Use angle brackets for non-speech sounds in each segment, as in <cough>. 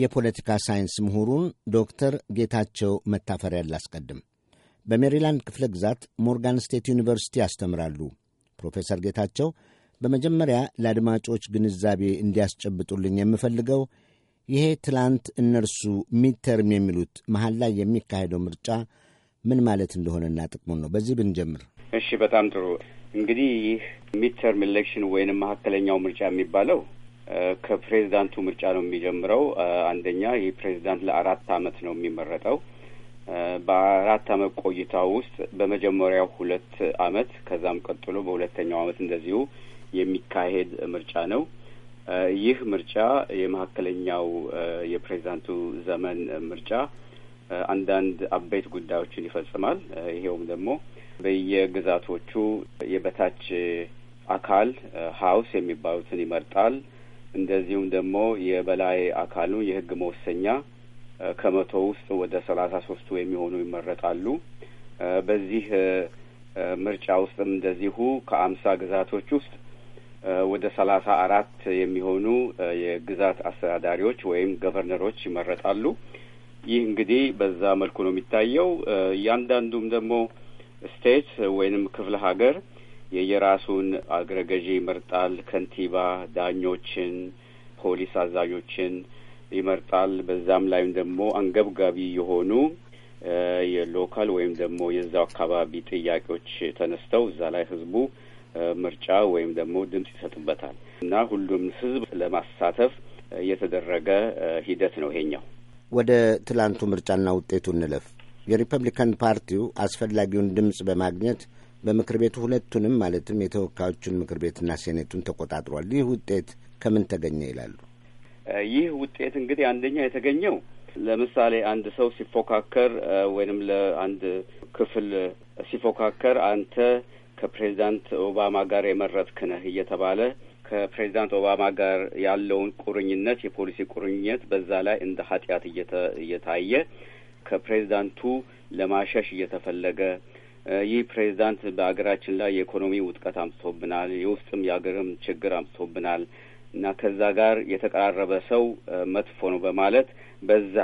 የፖለቲካ ሳይንስ ምሁሩን ዶክተር ጌታቸው መታፈሪያን ላስቀድም። በሜሪላንድ ክፍለ ግዛት ሞርጋን ስቴት ዩኒቨርሲቲ ያስተምራሉ። ፕሮፌሰር ጌታቸው በመጀመሪያ ለአድማጮች ግንዛቤ እንዲያስጨብጡልኝ የምፈልገው ይሄ ትላንት እነርሱ ሚድተርም የሚሉት መሀል ላይ የሚካሄደው ምርጫ ምን ማለት እንደሆነና ጥቅሙን ነው። በዚህ ብንጀምር። እሺ፣ በጣም ጥሩ። እንግዲህ ይህ ሚድተርም ኢሌክሽን ወይንም መካከለኛው ምርጫ የሚባለው ከፕሬዚዳንቱ ምርጫ ነው የሚጀምረው። አንደኛ ይህ ፕሬዚዳንት ለአራት አመት ነው የሚመረጠው። በአራት አመት ቆይታ ውስጥ በመጀመሪያው ሁለት አመት ከዛም ቀጥሎ በሁለተኛው አመት እንደዚሁ የሚካሄድ ምርጫ ነው። ይህ ምርጫ የመካከለኛው የፕሬዚዳንቱ ዘመን ምርጫ አንዳንድ አበይት ጉዳዮችን ይፈጽማል። ይሄውም ደግሞ በየግዛቶቹ የበታች አካል ሀውስ የሚባሉትን ይመርጣል። እንደዚሁም ደግሞ የበላይ አካሉ የህግ መወሰኛ ከመቶ ውስጥ ወደ ሰላሳ ሶስቱ የሚሆኑ ይመረጣሉ። በዚህ ምርጫ ውስጥም እንደዚሁ ከአምሳ ግዛቶች ውስጥ ወደ ሰላሳ አራት የሚሆኑ የግዛት አስተዳዳሪዎች ወይም ገቨርነሮች ይመረጣሉ። ይህ እንግዲህ በዛ መልኩ ነው የሚታየው። እያንዳንዱም ደግሞ ስቴት ወይንም ክፍለ ሀገር የየራሱን አግረገዥ ይመርጣል። ከንቲባ፣ ዳኞችን፣ ፖሊስ አዛዦችን ይመርጣል። በዛም ላይም ደግሞ አንገብጋቢ የሆኑ የሎካል ወይም ደግሞ የዛው አካባቢ ጥያቄዎች ተነስተው እዛ ላይ ህዝቡ ምርጫ ወይም ደግሞ ድምጽ ይሰጥበታል እና ሁሉም ህዝብ ለማሳተፍ የተደረገ ሂደት ነው ይሄኛው። ወደ ትላንቱ ምርጫና ውጤቱ እንለፍ። የሪፐብሊካን ፓርቲው አስፈላጊውን ድምጽ በማግኘት በምክር ቤቱ ሁለቱንም ማለትም የተወካዮቹን ምክር ቤትና ሴኔቱን ተቆጣጥሯል። ይህ ውጤት ከምን ተገኘ ይላሉ? ይህ ውጤት እንግዲህ አንደኛ የተገኘው ለምሳሌ አንድ ሰው ሲፎካከር ወይንም ለአንድ ክፍል ሲፎካከር አንተ ከፕሬዚዳንት ኦባማ ጋር የመረጥክ ነህ እየተባለ ከፕሬዚዳንት ኦባማ ጋር ያለውን ቁርኝነት የፖሊሲ ቁርኝነት በዛ ላይ እንደ ኃጢአት እየታየ ከፕሬዚዳንቱ ለማሸሽ እየተፈለገ ይህ ፕሬዚዳንት በሀገራችን ላይ የኢኮኖሚ ውጥቀት አምጥቶብናል፣ የውስጥም የሀገርም ችግር አምጥቶብናል እና ከዛ ጋር የተቀራረበ ሰው መጥፎ ነው በማለት በዛ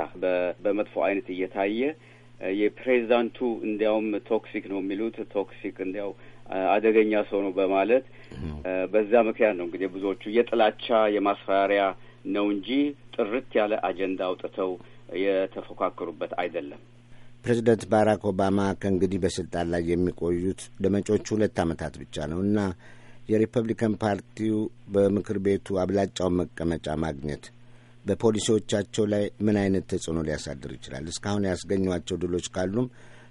በመጥፎ አይነት እየታየ የፕሬዚዳንቱ እንዲያውም ቶክሲክ ነው የሚሉት ቶክሲክ እንዲያው አደገኛ ሰው ነው በማለት በዛ ምክንያት ነው እንግዲህ ብዙዎቹ የጥላቻ የማስፈራሪያ ነው እንጂ ጥርት ያለ አጀንዳ አውጥተው የተፎካከሩበት አይደለም። ፕሬዚደንት ባራክ ኦባማ ከእንግዲህ በስልጣን ላይ የሚቆዩት ለመጪዎቹ ሁለት ዓመታት ብቻ ነው እና የሪፐብሊካን ፓርቲው በምክር ቤቱ አብላጫውን መቀመጫ ማግኘት በፖሊሲዎቻቸው ላይ ምን አይነት ተጽዕኖ ሊያሳድር ይችላል? እስካሁን ያስገኟቸው ድሎች ካሉም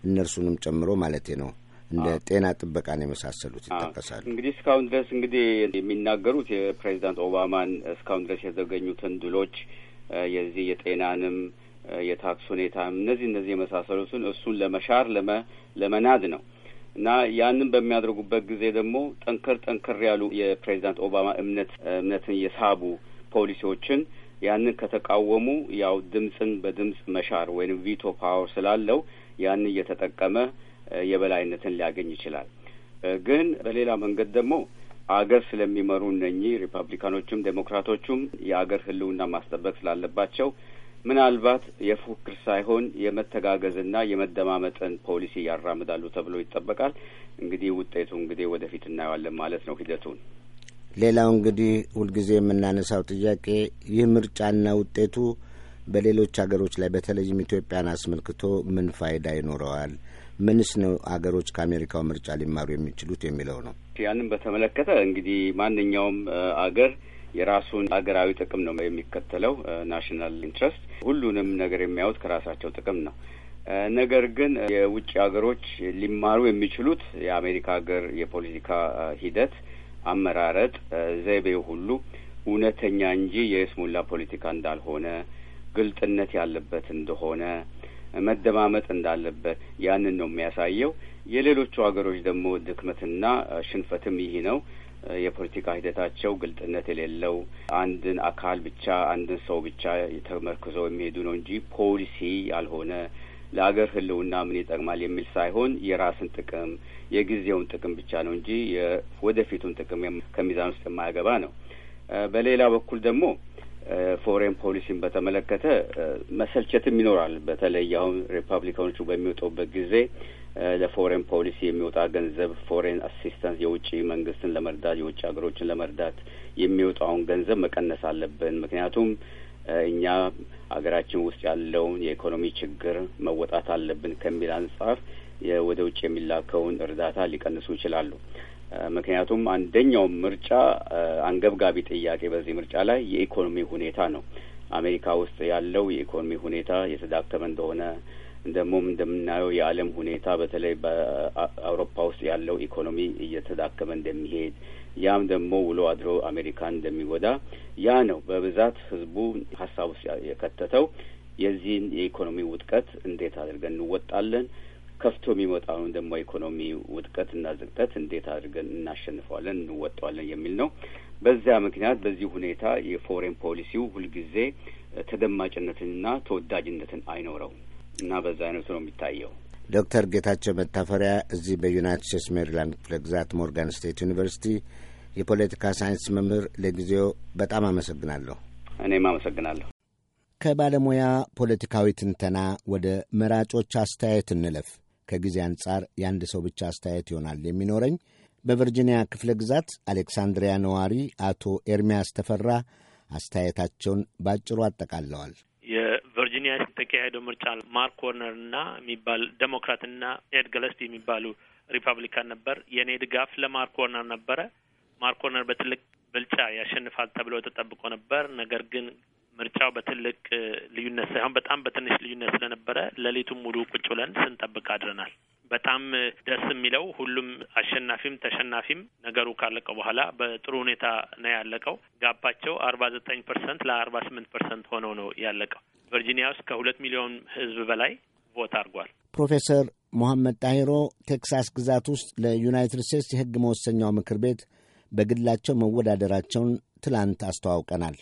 እነርሱንም ጨምሮ ማለቴ ነው እንደ ጤና ጥበቃን የመሳሰሉት ይጠቀሳሉ። እንግዲህ እስካሁን ድረስ እንግዲህ የሚናገሩት የፕሬዚዳንት ኦባማን እስካሁን ድረስ የተገኙትን ድሎች የዚህ የጤናንም የታክስ ሁኔታ እነዚህ እነዚህ የመሳሰሉትን እሱን ለመሻር ለመናድ ነው እና ያንን በሚያደርጉበት ጊዜ ደግሞ ጠንከር ጠንከር ያሉ የፕሬዚዳንት ኦባማ እምነት እምነትን የሳቡ ፖሊሲዎችን ያንን ከተቃወሙ ያው ድምፅን በድምፅ መሻር ወይም ቪቶ ፓወር ስላለው ያንን እየተጠቀመ የበላይነትን ሊያገኝ ይችላል። ግን በሌላ መንገድ ደግሞ አገር ስለሚመሩ እነኚህ ሪፐብሊካኖቹም ዴሞክራቶቹም የአገር ህልውና ማስጠበቅ ስላለባቸው ምናልባት የፉክክር ሳይሆን የመተጋገዝና የመደማመጥን ፖሊሲ ያራምዳሉ ተብሎ ይጠበቃል። እንግዲህ ውጤቱ እንግዲህ ወደፊት እናየዋለን ማለት ነው ሂደቱን። ሌላው እንግዲህ ሁልጊዜ የምናነሳው ጥያቄ ይህ ምርጫና ውጤቱ በሌሎች ሀገሮች ላይ በተለይም ኢትዮጵያን አስመልክቶ ምን ፋይዳ ይኖረዋል? ምንስ ነው አገሮች ከአሜሪካው ምርጫ ሊማሩ የሚችሉት የሚለው ነው። ያንን በተመለከተ እንግዲህ ማንኛውም አገር የራሱን ሀገራዊ ጥቅም ነው የሚከተለው። ናሽናል ኢንትረስት ሁሉንም ነገር የሚያዩት ከራሳቸው ጥቅም ነው። ነገር ግን የውጭ ሀገሮች ሊማሩ የሚችሉት የአሜሪካ ሀገር የፖለቲካ ሂደት አመራረጥ፣ ዘይቤ ሁሉ እውነተኛ እንጂ የስሙላ ፖለቲካ እንዳልሆነ፣ ግልጥነት ያለበት እንደሆነ፣ መደማመጥ እንዳለበት ያንን ነው የሚያሳየው። የሌሎቹ ሀገሮች ደግሞ ድክመትና ሽንፈትም ይህ ነው። የፖለቲካ ሂደታቸው ግልጥነት የሌለው አንድን አካል ብቻ አንድን ሰው ብቻ ተመርክዘው የሚሄዱ ነው እንጂ ፖሊሲ ያልሆነ ለአገር ሕልውና ምን ይጠቅማል የሚል ሳይሆን የራስን ጥቅም የጊዜውን ጥቅም ብቻ ነው እንጂ የወደፊቱን ጥቅም ከሚዛን ውስጥ የማያገባ ነው። በሌላ በኩል ደግሞ ፎሬን ፖሊሲን በተመለከተ መሰልቸትም ይኖራል። በተለይ አሁን ሪፐብሊካኖቹ በሚወጡበት ጊዜ ለፎሬን ፖሊሲ የሚወጣ ገንዘብ ፎሬን አሲስታንስ የውጭ መንግስትን ለመርዳት የውጭ ሀገሮችን ለመርዳት የሚወጣውን ገንዘብ መቀነስ አለብን። ምክንያቱም እኛ ሀገራችን ውስጥ ያለውን የኢኮኖሚ ችግር መወጣት አለብን ከሚል አንጻር ወደ ውጭ የሚላከውን እርዳታ ሊቀንሱ ይችላሉ። ምክንያቱም አንደኛው ምርጫ አንገብጋቢ ጥያቄ በዚህ ምርጫ ላይ የኢኮኖሚ ሁኔታ ነው። አሜሪካ ውስጥ ያለው የኢኮኖሚ ሁኔታ የተዳከመ እንደሆነ ደግሞም እንደምናየው የዓለም ሁኔታ በተለይ በአውሮፓ ውስጥ ያለው ኢኮኖሚ እየተዳከመ እንደሚሄድ ያም ደግሞ ውሎ አድሮ አሜሪካን እንደሚጎዳ ያ ነው በብዛት ህዝቡ ሀሳብ ውስጥ የከተተው። የዚህን የኢኮኖሚ ውጥቀት እንዴት አድርገን እንወጣለን፣ ከፍቶ የሚመጣውን ደግሞ ኢኮኖሚ ውጥቀት እና ዝቅጠት እንዴት አድርገን እናሸንፈዋለን፣ እንወጣዋለን የሚል ነው። በዚያ ምክንያት በዚህ ሁኔታ የፎሬን ፖሊሲው ሁልጊዜ ተደማጭነትንና ተወዳጅነትን አይኖረውም። እና በዛ አይነቱ ነው የሚታየው። ዶክተር ጌታቸው መታፈሪያ እዚህ በዩናይትድ ስቴትስ ሜሪላንድ ክፍለ ግዛት ሞርጋን ስቴት ዩኒቨርሲቲ የፖለቲካ ሳይንስ መምህር፣ ለጊዜው በጣም አመሰግናለሁ። እኔም አመሰግናለሁ። ከባለሙያ ፖለቲካዊ ትንተና ወደ መራጮች አስተያየት እንለፍ። ከጊዜ አንጻር የአንድ ሰው ብቻ አስተያየት ይሆናል የሚኖረኝ። በቨርጂኒያ ክፍለ ግዛት አሌክሳንድሪያ ነዋሪ አቶ ኤርሚያስ ተፈራ አስተያየታቸውን ባጭሩ አጠቃለዋል። በተካሄደው ምርጫ ማርክ ና የሚባል ና ኤድ ገለስቲ የሚባሉ ሪፐብሊካን ነበር። የእኔ ድጋፍ ለማርክ ወርነር ነበረ። ማርክ ወርነር በትልቅ ብልጫ ያሸንፋል ተብሎ ተጠብቆ ነበር። ነገር ግን ምርጫው በትልቅ ልዩነት ሳይሆን በጣም በትንሽ ልዩነት ስለነበረ ሌሊቱን ሙሉ ቁጭ ብለን ስንጠብቅ አድረናል። በጣም ደስ የሚለው ሁሉም አሸናፊም ተሸናፊም ነገሩ ካለቀ በኋላ በጥሩ ሁኔታ ነው ያለቀው። ጋባቸው አርባ ዘጠኝ ፐርሰንት ለአርባ ስምንት ፐርሰንት ሆኖ ነው ያለቀው። ቨርጂኒያ ውስጥ ከሁለት ሚሊዮን ህዝብ በላይ ቮት አድርጓል። ፕሮፌሰር ሞሐመድ ጣሂሮ ቴክሳስ ግዛት ውስጥ ለዩናይትድ ስቴትስ የህግ መወሰኛው ምክር ቤት በግላቸው መወዳደራቸውን ትላንት አስተዋውቀናል።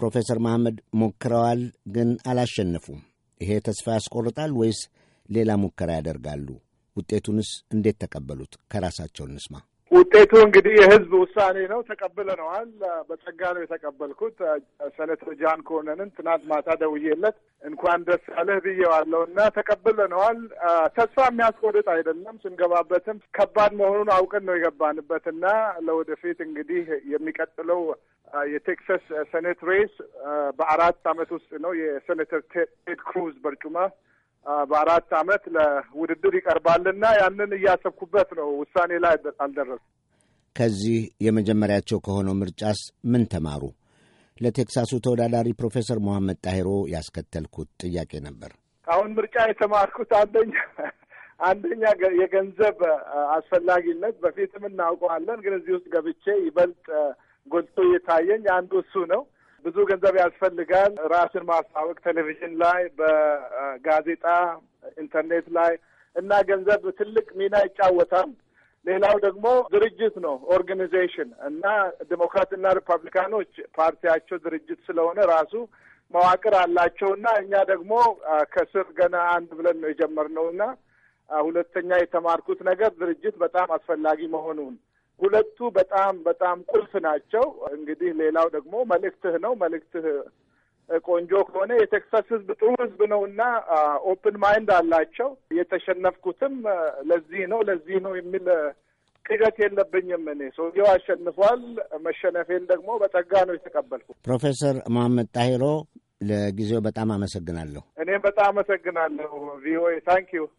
ፕሮፌሰር መሐመድ ሞክረዋል፣ ግን አላሸነፉም። ይሄ ተስፋ ያስቆርጣል ወይስ ሌላ ሙከራ ያደርጋሉ? ውጤቱንስ እንዴት ተቀበሉት? ከራሳቸው እንስማ። ውጤቱ እንግዲህ የህዝብ ውሳኔ ነው። ተቀብለነዋል። በጸጋ ነው የተቀበልኩት። ሴኔተር ጃን ኮነንን ትናንት ማታ ደውዬለት እንኳን ደስ አለህ ብዬዋለሁ እና ተቀብለነዋል። ተስፋ የሚያስቆርጥ አይደለም። ስንገባበትም ከባድ መሆኑን አውቅን ነው የገባንበት እና ለወደፊት እንግዲህ የሚቀጥለው የቴክሳስ ሴኔት ሬስ በአራት አመት ውስጥ ነው የሴኔተር ቴድ ክሩዝ በርጩማ በአራት አመት ለውድድር ይቀርባልና ያንን እያሰብኩበት ነው። ውሳኔ ላይ አልደረሱ ከዚህ የመጀመሪያቸው ከሆነው ምርጫስ ምን ተማሩ? ለቴክሳሱ ተወዳዳሪ ፕሮፌሰር መሐመድ ጣሄሮ ያስከተልኩት ጥያቄ ነበር። አሁን ምርጫ የተማርኩት አንደኛ <laughs> አንደኛ የገንዘብ አስፈላጊነት በፊትም እናውቀዋለን፣ ግን እዚህ ውስጥ ገብቼ ይበልጥ ጎልቶ እየታየኝ አንዱ እሱ ነው። ብዙ ገንዘብ ያስፈልጋል። ራስን ማስታወቅ ቴሌቪዥን ላይ፣ በጋዜጣ ኢንተርኔት ላይ እና ገንዘብ ትልቅ ሚና ይጫወታል። ሌላው ደግሞ ድርጅት ነው ኦርጋኒዜሽን እና ዲሞክራትና ሪፐብሊካኖች ፓርቲያቸው ድርጅት ስለሆነ ራሱ መዋቅር አላቸው እና እኛ ደግሞ ከስር ገና አንድ ብለን ነው የጀመርነው እና ሁለተኛ የተማርኩት ነገር ድርጅት በጣም አስፈላጊ መሆኑን ሁለቱ በጣም በጣም ቁልፍ ናቸው። እንግዲህ ሌላው ደግሞ መልእክትህ ነው። መልእክትህ ቆንጆ ከሆነ የቴክሳስ ህዝብ ጥሩ ህዝብ ነው እና ኦፕን ማይንድ አላቸው። የተሸነፍኩትም ለዚህ ነው ለዚህ ነው የሚል ቅዠት የለብኝም። እኔ ሰውየው አሸንፏል። መሸነፌን ደግሞ በጸጋ ነው የተቀበልኩ። ፕሮፌሰር መሐመድ ጣሂሮ ለጊዜው በጣም አመሰግናለሁ። እኔም በጣም አመሰግናለሁ ቪኦኤ ታንኪዩ።